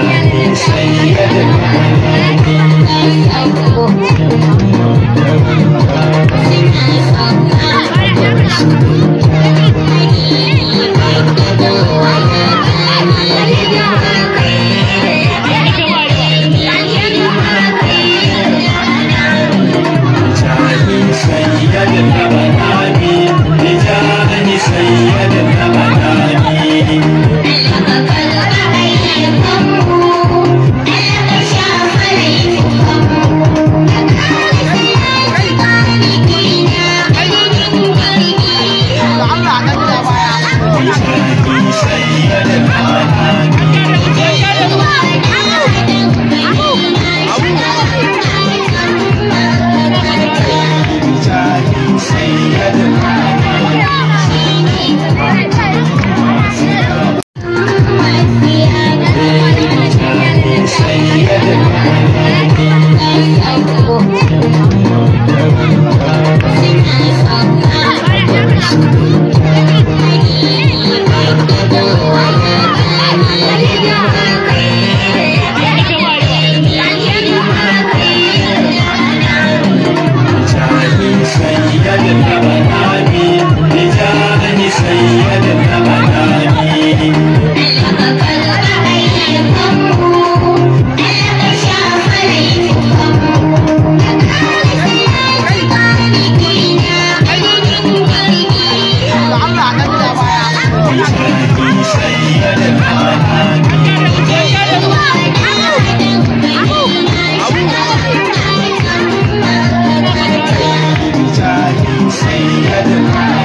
and say Oh. you had the power.